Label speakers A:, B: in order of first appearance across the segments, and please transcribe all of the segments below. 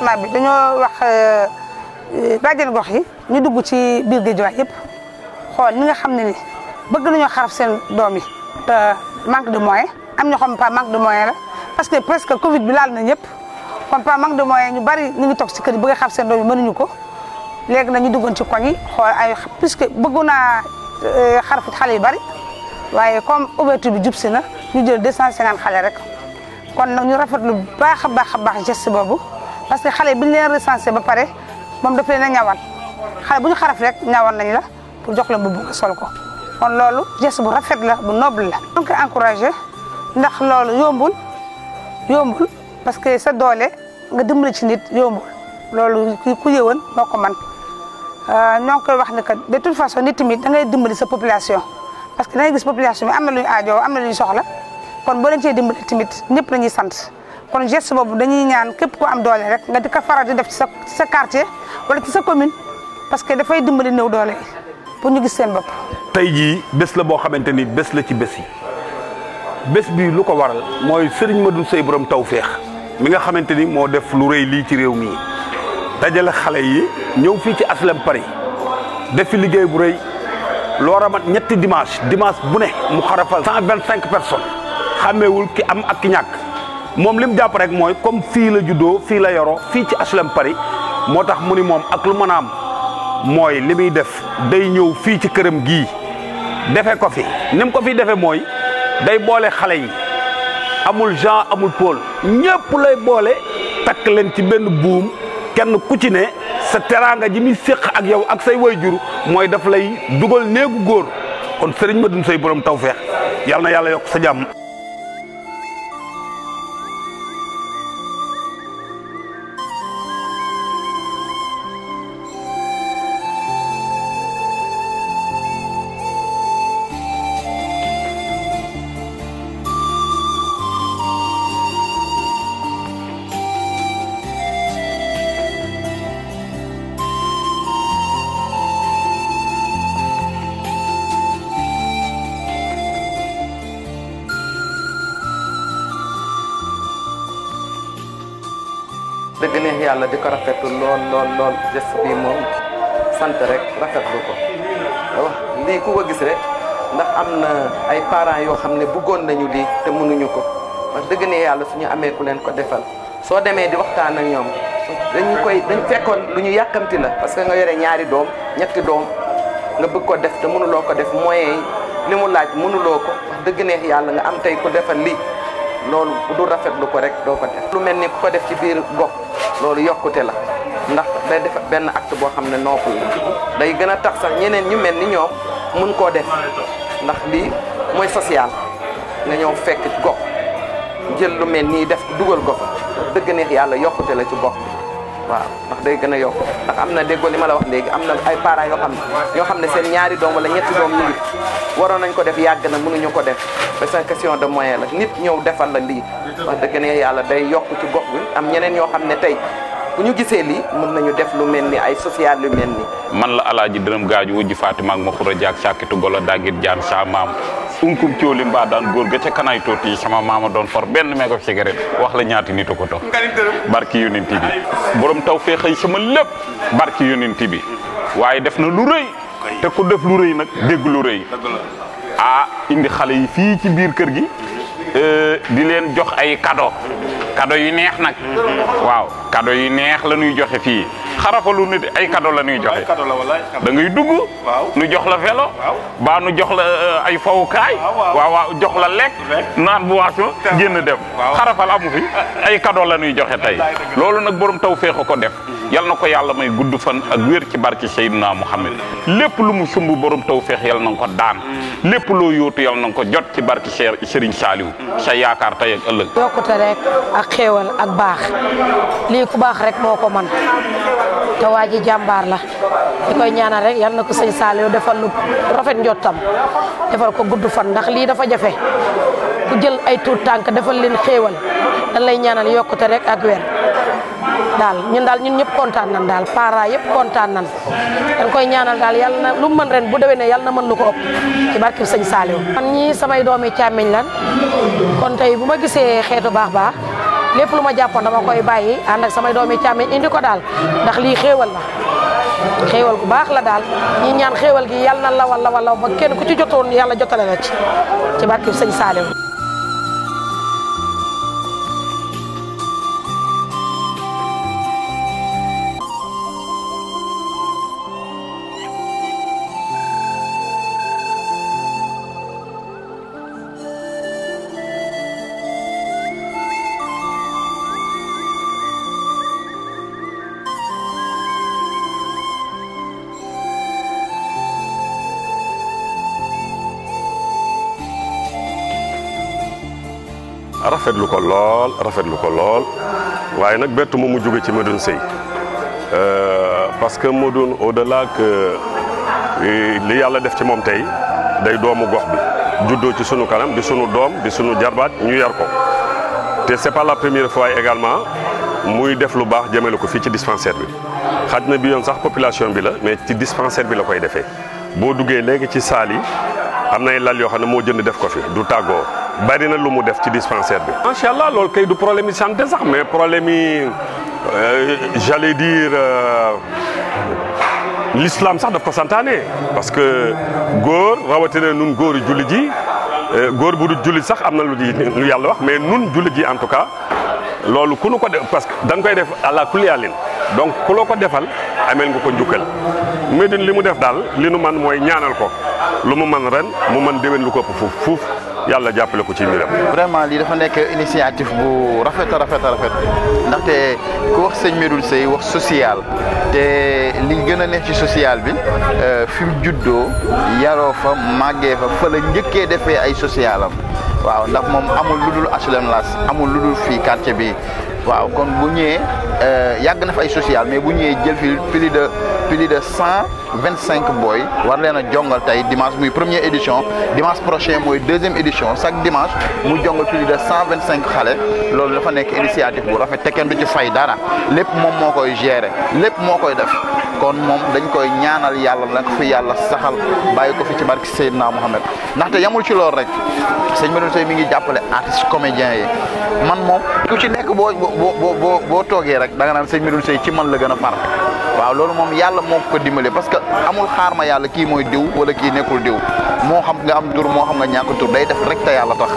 A: lancement bi dañoo wax euh, bàjjen gox yi ñu dugg ci biir Guédiawaye yëpp xool ñi nga xam ne ni bëgg nañoo xaraf seen doom yi te manque de moyen am ñoo xam pas manque de moyen la parce que presque Covid bi laal nañ ñëpp kon pas manque de moyen ñu bari ñu ngi toog si kër yi bëgg xaraf seen doom yi mënuñu ko lekk nag ñu duggoon ci koñ yi xool ay puisque bëggu naa euh, xarafut xale yu bari waaye comme ouverture bi jub si na ñu jël 250 xale rek kon nag ñu rafetlu baax a baax a baax geste boobu. parce que xale bi ñu leen recensé ba pare moom daf leen a ñawal xale bu ñu xaraf rek ñawal nañ la pour jox la mbubb nga sol ko kon loolu geste bu rafet la bu noble la. donc encouragé ndax loolu yombul yombul parce que sa doole nga dimbali ci nit yombul loolu ku ku yëwoon moo ko man euh, ñoo ngi koy wax ni que de toute façon nit tamit da ngay dimbali sa population parce que da ngay gis population bi am na lu ñu aajoo am na lu ñu soxla kon boo leen cee dimbali tamit ñëpp la ñuy sant. kon geste boobu dañuy ñaan képp ko am doole rek nga di ko faral di def ci sa sa quartier wala ci sa commune parce que dafay dimbali néew doole yi pour ñu gis seen bopp.
B: tey jii bés la boo xamante ni bés la ci bés yi bés bi lu ko waral mooy Serigne Madou Seye taw feex mi nga xamante ni moo def lu rëy lii ci réew mi dajale xale yi ñëw fii ci Aslem Paris def fi liggéey bu rëy loora mat ñetti dimanche dimanche bu ne mu xarafal cent vingt cinq personnes xàmmeewul ki am ak ki ñàkk. moom li mu jàpp rek mooy comme fii la juddoo fii la yoro fii ci HLM Paris moo tax mu ni moom ak lu manaam mooy li muy def day ñëw fii ci këram gii defe ko fi ni ko fi defe mooy day boole xale yi amul Jean amul Paul ñëpp lay boole takk leen ci benn buum kenn ku ne sa teraanga ji muy séq ak yow ak say jur mooy daf lay dugal néegu góor kon sëriñ ma dun say borom tawfeex yàlla na yàlla yokk sa jàmm
C: dëgg neex yàlla di ko rafetlu lool lool lool geste bi moom sant rek rafetlu ko wax lii ku ko gis rek ndax am na ay parents yoo xam ne bëggoon nañu lii te mënuñu ko wax dëgg neex yàlla ñu amee ku leen ko defal soo demee di waxtaan ak ñoom dañu koy dañ fekkoon lu ñu yàkkamti la parce que nga yore ñaari doom ñetti doom nga bëgg ko def te mënuloo ko def mooy yi li mu laaj mënuloo ko wax dëgg neex yàlla nga am tey ku defal lii loolu du rafetlu ko rek doo ko def. lu mel ni ku ko def ci biir gox loolu yokkute la ndax day def benn acte boo xam ne noppal la day gën a tax sax ñeneen ñu mel ni ñoom mën koo def ndax lii mooy social nga ñëw fekk gox jël lu mel nii def dugal gox dëgg neex yàlla yokkute la ci gox bi. waaw ndax day gën a yokk ndax am na déggoo li ma la wax léegi am na ay parents yoo xam ne ñoo xam ne seen ñaari doom wala ñetti doom ñu ngi waroon nañ ko def yàgg na mënuñu ko def parce question de moyen la nit ñëw defal la lii wax dëgg ne yàlla day yokk ci gox bi am ñeneen ñoo xam ne tey bu ñu gisee lii mën nañu def lu mel ni ay social lu mel ni
D: man la alaaji dërëm gaaju wujj Fatima ak ma xura jaak sàkkitu golo daggit jaan saa maam unkum cooli mbaa daan góor ga ca kanaay tooti yi sama a doon for benn meegof cigarette wax la ñaati nit a ko tox barki yonent bi borom taw fee xëy sama lépp barki yonent bi waaye def na lu rëy te ku def lu rëy nag dégg lu rëy ah indi xale yi fii ci biir kër gi Euh, di leen jox ay kado kado yu neex nag waaw kado yu neex la ñuy joxe fii xarafalu nit ay cadeau la ñuy joxe da ngay dugg nu jox la vélo baa nu jox la euh, ay fawukaay waaw waaw jox la lekk naan bu waaso génn dem xarafal amu fi ay cadeau la joxe tey loolu nag borom taw féex a def yalla nako yalla may gudd fan ak ci barki sayyidina Muhammad lepp lu mu sumbu borom tawfiq yalla nango Le pulu daan lepp loo yootu yal nango jot ci barki Serigne saliw sa yaakaar tay ak ëllëg.
A: ta rek ak xewal ak bax li ku bax rek moko man waji jambar la dikoy ñaanal rek yal nako serigne saliw defal lu rafet njottam defal ko gudd fan ndax li dafa jafé ku jël ay tour tank defal leen xewal dañ lay ñaanal rek ak daal ñun daal ñun ñëpp kontaan nan daal parents yëpp kontaan nan dañ koy ñaanal daal yàlla na lu mu mën ren bu déwénee yàlla na mën lu ko ëpp ci barke sëñ Saliou man ñii samay càmmiñ lan kon tey bu ma gisee xeetu baax baax lépp lu ma jàppoon dama koy bàyyi ànd ak samay doomi càmmiñ indi ko daal ndax lii xéewal la xéewal baax la daal ñi ñaan xéewal gi yàlla lawal lawal law ba kenn ku ci jotoon yàlla jotale ci ci barke sëñ Saliou
B: rafet rafetlu ko lol rafet rafetlu ko lol waye nak bettu ma mu joge ci Medoune Seye euh, parce que modoun au-delà que euh, li yalla def ci mom tay day doomu gox bi juddoo ci sunu kanam di sunu dom di sunu jarbat ñu yar ko té c'est pas la première fois également muy def lu bax jëmale ko fii ci dispensaire bi xaj bi yon sax population bi la mais ci dispensaire bi la koy defee bo duggé légui ci sali yi am lal yo xam mo jënd def ko fi du tàggoo bari na lu mu def ci dispensaire bi. macha lol kay du problème de santé sax mais problème euh, j'allais dire euh, l'islam sax daf ko santané parce que góor né nun góor julli ji euh, góor bu du julli sax amna lu lu yalla wax mais nun julli ji en tout cas lolou ku ko def parce que dang koy def ala kulli yàllin donc ku lo ko defal amel nga ko njukkal Médine li mu def dal li nu man moy ñaanal ko lu mu man ren mu man dewen lu ko ëpp fuuf yàlla jàppale ko ci mbiram.
E: vraiment lii dafa nekk initiative bu rafet a rafet a rafet ndaxte ku wax sëñ Medoune Seye wax social te li gën a neex ci sociale bi euh, fi mu juddoo yaroo fa màggee fa fa la njëkkee defee ay social am waaw ndax moom amul lu dul HLM Las amul lu dul fii karte bi waaw kon bu ñëwee euh, yàgg na fa ay social mais bu ñëwee jël fi plus de plus de cent. 25 boy war leena jongal tay dimanche muy première édition dimanche prochain moy deuxième édition chaque dimanche mu jongal plus de 125 xale loolu dafa nek initiative bu rafet te kenn du ci fay dara lepp mom mokoy gérer lepp mokoy def kon mom dañ koy ñaanal yalla na fi yalla saxal bayiko fi ci barke Seydina Mohamed te yamul ci loolu rek sëñ Medoune sey mi ngi jàppale artiste comédien yi man mom ku ci nek bo bo bo boo toogee rek da nga nan sëñ Medoune sey ci man la gëna a far waaw loolu moom yàlla moo ko dimbale parce que amul xaar ma yàlla kii mooy diw wala kii nekkul diw moo xam nga am tur moo xam nga ñàkk tur day def rek te yàlla tax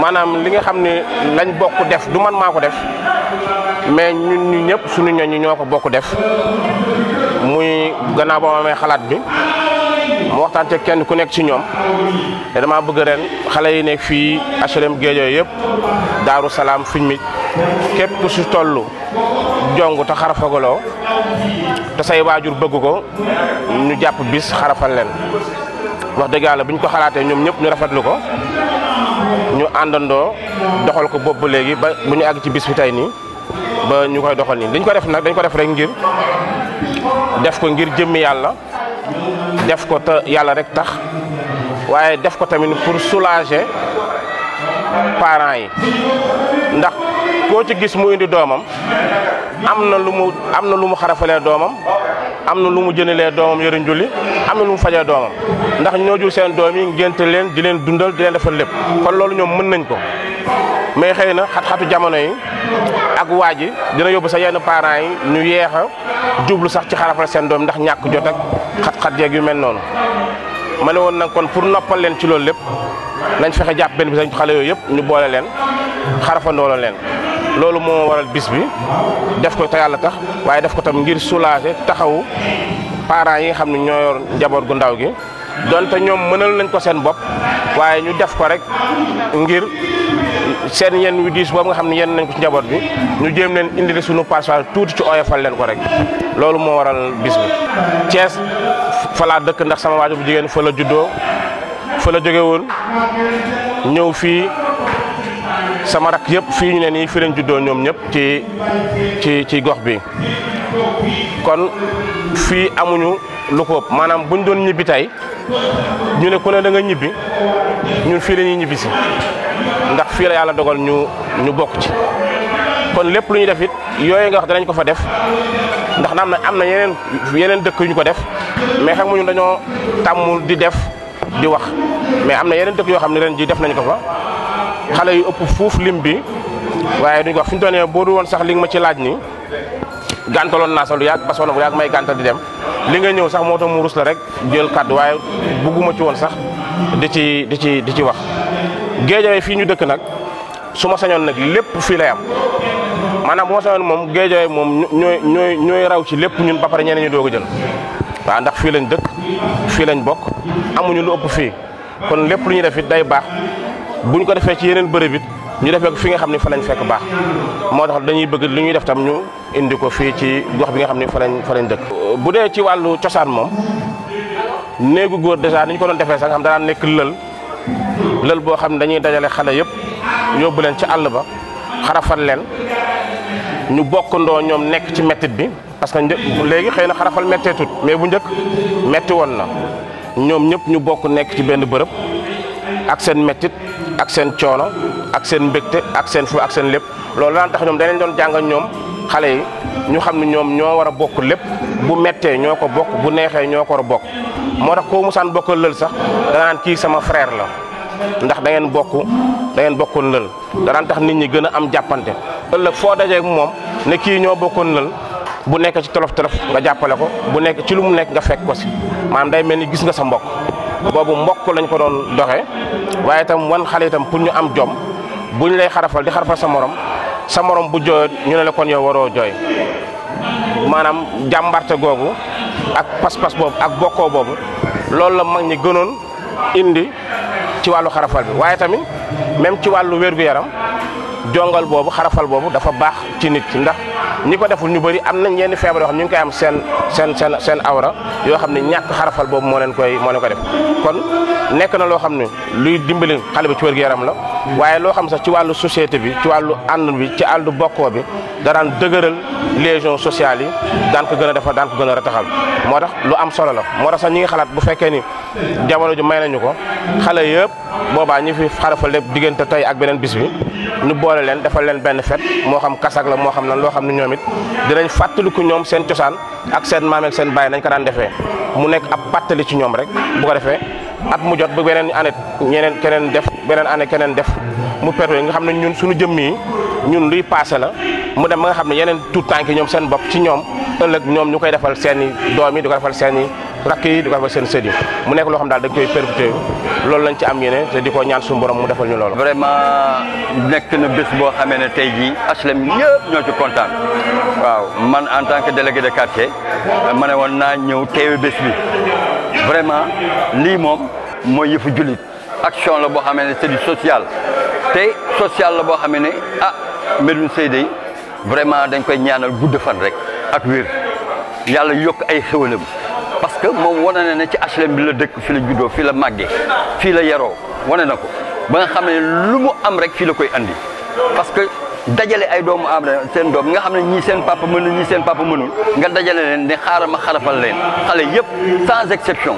F: maanaam li nga xam ne lañ bokk def du man maa ko def mais ñun ñu ñëpp suñu ñoñu ñoo ko bokk def muy gannaaw ba amee xalaat bi mu waxtaan te kenn ku nekk ci ñoom te damaa bëgg ren xale yi nekk fii HLM Guédiawaye yëpp Daaru Salaam fiñ mi képp ku si toll jong te xarafagaloo te say waajur bëgg ko ñu jàpp bis xarafal leen wax dëgg yàlla bi ñu ko xalaatee ñoom ñëpp ñu rafetlu ko ñu àndandoo doxal ko boobu ba léegi ba bu ñu àgg ci bis bi tey nii ba ñu koy doxal nii dañ ko def nag dañ ko def rek ngir def ko ngir jëmm yàlla def ko te yàlla rek tax waaye def ko tamit pour soulager parents yi ndax koo ci gis mu indi doomam am na lu mu am na lu mu xarafalee doomam am na lu mu jënalee doomam yëriñ julli am na lu mu fajee doomam ndax ñoo jur seen doom yi ngénte leen di leen dundal di leen defal lépp kon loolu ñoom mën nañ ko mais xëy na xat-xatu jamono yi ak waa ji dina yóbbu sax yenn parents yi ñu yeex a jublu sax ci xarafal seen doom ndax ñàkk jot ak xat-xat yeeg yu mel noonu ma ne woon nag kon pour noppal leen ci loolu lépp nañ fexe jàpp benn bis xale yooyu yëpp ñu boole leen xarafandoo leen loolu moo waral bis bi def ko te yàlla tax waaye def ko tam ngir soulager taxawu parents yi nga xam ne ñoo njaboot gu ndaw gi donte ñoom mënal nañ ko seen bopp waaye ñu def ko rek ngir seen yenn wi diis boobu nga xam ne yenn nañ ko ci njaboot bi ñu jéem leen indi suñu passage tuuti ci oyofal leen ko rek loolu moo waral bis bi. Thiès fa laa dëkk ndax sama waajur bu jigéen fa la juddoo fa la jóge ñëw fii. sama rakk yëpp fii ñu ne nii fi lañ juddoo ñoom ñëpp ci ci gox bi kon fii amuñu lu ko ëpp maanaam buñ doon ñibbi tey ñu ne ku ne da nga ñibbi ñu fii la ñuy ndax fii la yàlla dogal ñu ñu bokk ci kon lépp lu ñu def it yooyu nga wax danañ ko fa def ndax na na am na yeneen yeneen dëkk yu ñu ko def mais xam nga ñun dañoo tàmmul di def di wax mais am na yeneen dëkk yoo xam ne ren ji def nañ ko fa xalé yu ëpp fuuf lim bi waye duñ ko wax fi ñu du sax li nga ci laaj ni gantalon na sa lu yàgg basoon na may gàntal di dem li nga ñew sax moto mu rus la rek jël kaddu waye buguma ci won sax di ci di ci di ci wax géejawe fi ñu dëkk nak suma sañon nak lepp fi fii lay am maanaam bu ma sañoon moom géejawe ñoy ñoy raw ci lepp ñun ba pare ñeneen ñu dogu jël wa ndax fi lañ dëkk fi lañ bok amuñu lu ëpp fi kon lepp lu ñu def day bax bu ñu ko defee ci yeneen bërëb ñu defee ko fi nga xam ne fa lañ fekk baax moo tax dañuy bëgg li ñuy def tam ñu indi ko fii ci gox bi nga xam ne fa lañ fa lañ dëkk. bu dee ci wàllu cosaan moom néegu góor dèjà ni ñu ko doon defee sax nga xam danaan nekk lël lël boo xam ne dañuy dajale xale yëpp yóbbu leen ci àll ba xarafal leen ñu bokkandoo ñoom nekk ci mettit bi. parce que léegi xëy na xarafal metteetut mais bu njëkk metti woon na ñoom ñëpp ñu bokk nekk ci benn bërëb ak seen mettit ak seen coono ak seen mbégte ak seen fu ak seen lépp loolu daan tax ñoom danañ doon jàngal ñoom xale yi ñu xam ne ñoom ñoo war a bokk lépp bu mettee ñoo ko bokk bu neexee ñoo ko war a bokk moo tax koo mosaan bokkal lël sax danaan kii sama frère la ndax da ngeen bokk da ngeen bokkoon lël danaan tax nit ñi gën a am jàppante ëllëg foo dajee moom ne kii ñoo bokkoon lël bu nekkee ci tolof tolof nga jàppale ko bu nekk ci lu mu nekk nga fekk ko si maanaam day mel ni gis nga sa mbokk boobu mbokk lañ ko doon doxe waaye itam wan xale itam pour ñu am bu ñu lay xarafal di xarafal sa morom sa bu jooyot ñu ne lekkoon kon yow waroo jooy maanaam jàmbarte googu ak pas-pas boobu ak bokkoo boobu loolu la mag ñi gënoon indi ci wàllu xarafal bi waaye tamit même ci wàllu wéer gu yaram jongal boobu xarafal boobu dafa baax ci nit ki ndax ñi ko deful ñu bëri am nañ yenn feebar yoo xam ñu ngi koy am seen seen seen seen awra yoo xam ne ñàkk xarafal boobu moo leen koy moo leen ko def kon nekk na loo xam ne luy dimbali xale bi ci wér-gu-yaram la waaye loo xam sax ci wàllu société bi ci wàllu ànd bi ci àllu bokkoo bi daraan dëgëral légion sociale yi daan ko gën a defar daan ko gën a rataxal moo tax lu am solo la moo tax sax ñi ngi xalaat bu fekkee ni jamono ju may nañu ko xale yëpp boobaa ñi fi xarafal lépp diggante tey ak beneen bis ñu boole leen defal leen benn fet moo xam kasak la moo xam lan loo xam ne ñoom it dinañ fàttaliku ñoom seen cosaan ak seen maam ak seen baay nañ ko daan defee mu nekk a pàttali ci ñoom rek bu ko defee at mu jot ba beneen année ñeneen keneen def beneen année keneen def mu pertuyi nga xam ne ñun suñu jëmm yi ñun luy passé la mu dem ba nga xam ne yeneen tout tànk ñoom seen bopp ci ñoom ëllëg ñoom ñu koy defal seeni i doom yi ko defal seen i rakk yi di ko defal seen sët mu nekk loo xam daal dañ koy perpétuer loolu lañ ci am yéene te di ko ñaan suñu borom mu defal ñu loolu.
G: vraiment nekk na bés boo xamee ne tey jii HLM ñëpp ñoo ci kontaan waaw man en tant que délégué de quartier ma ne woon naa ñëw teewe bés bi vraiment lii moom mooy yëfu jullit action la boo xamee ne c'est du social te social la boo xamee ne ah Médoune Seye dey vraiment dañ koy ñaanal gudd fan rek ak wér yàlla yokk ay xéwalam parce moom wane na ne ci HLM bi la dëkk fi la juddoo fii la màggee fii la yaroo wane na ko ba nga xam ne lu mu am rek fii la koy andi parce que dajale ay doomu am seen doom nga xam ne ñii seen papa mën na ñii seen papa mënul nga dajale leen ne xaaral ma xarafal leen xale yëpp sans exception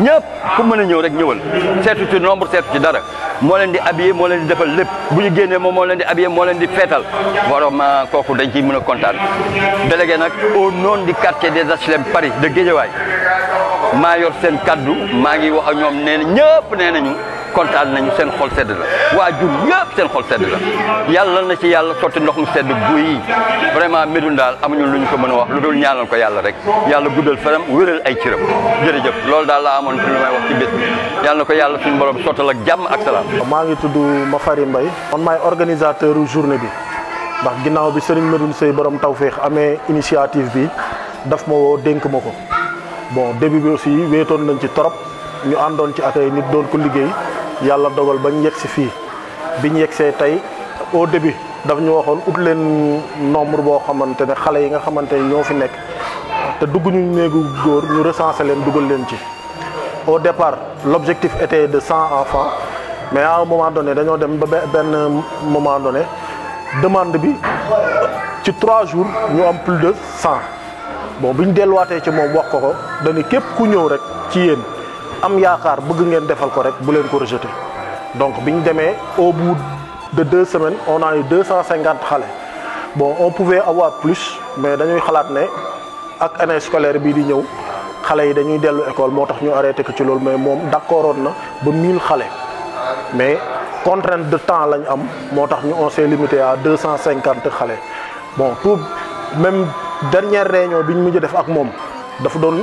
G: ñëpp ku mën a ñëw rek ñëwal seetu ci nombre seetu ci dara moo leen di habillé moo leen di defal lépp bu ñu génnee moom moo leen di habillé moo leen di feetal vraiment kooku dañ ci mën a kontaan délégué nag au nom du quartier des HLM Paris de Guédiawaye maa yor seen kaddu maa ngi wax ak ñoom nee ñëpp nee nañu kontaan nañu seen xol sedd la waajur yëpp seen xol sedd la yàlla na ci yàlla sotti ndox mu sedd guyi vraiment Médoune daal amuñu lu ñu ko mën a wax lu dul ñaanal ko yàlla rek yàlla guddal fanam wéral ay cëram jërëjëf loolu daal laa amoon lu may wax ci bés yàlla ko yàlla suñu borom sottal ak jàmm ak salaam.
H: maa ngi tudd Mafari Mbaye man maay organisateur journée bi ndax ginnaaw bi Serigne Médoune Seye borom tawféex amee initiative bi daf ma woo dénk ma ko bon début bi ñu àndoon ci atay nit doon ko liggéey yalla dogal bañ yegg si fii biñ yexé tay au début daf ñu waxoon ut leen nombre bo xamantene xalé yi nga xamantene ne ñoo fi nekk te dugg ñu néegu góor ñu recenser leen duggal leen ci au départ l'objectif était de 100 enfants mais à un moment donné dañu dem ba ben moment donné demande bi ci 3 jours ñu am plus de 100 bon bi ñu ci mom wax ko ko dañu képp ku ñew rek ci yeen am yaakaar bëgg ngeen defal ko rek bu leen ko rejeté donc bing ñu au bout de deux semaines on a eu 250 bon on pouvait avoir plus mais dañuy xalaat ne ak année scolaire bi di ñëw xale yi dañuy dellu école moo tax ñu arrêté que ci loolu mais moom d'accord oon na ba mille xale mais contrainte de temps lañ am moo ñu on s'est limité à 250 cent bon tout même dernière réunion bi ñu mujj def ak moom dafa doon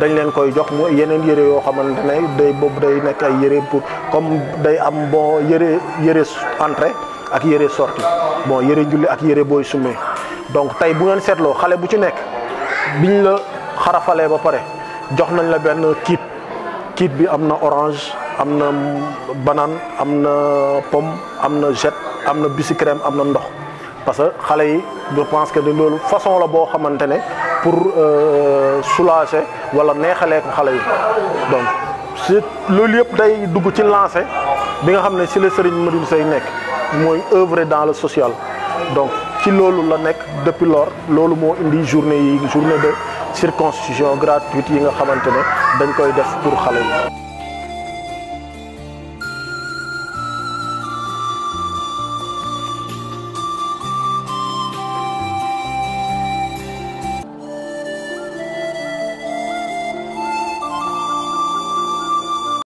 H: dañ leen koy jox mu yeneen yére yoo xamante ne day boobu day nekk ay yëre pour comme day am boo yëre yëre entrée ak yére sortie bon yëre njulli ak yére booy sumee donc tey bu ngeen seetloo xale bu ci nekk biñ la xarafalee ba pare jox nañ la benn kit kit bi am na orange am na banaan am na pomme am na jet am na bisi crème am na ndox parce que xale yi je pense que loolu façon la boo xamante ne pour euh, soulager wala neexalee ko xale yi donc si loolu yëpp day dugg ci lancé bi nga xamné ci si Serigne Medoune Seye nek moy œuvrer dans le social donc ci lolu la nek depuis lors lolu mo indi journée yi journée de circoncision gratuite yi nga xamantene dañ koy def pour xalé yi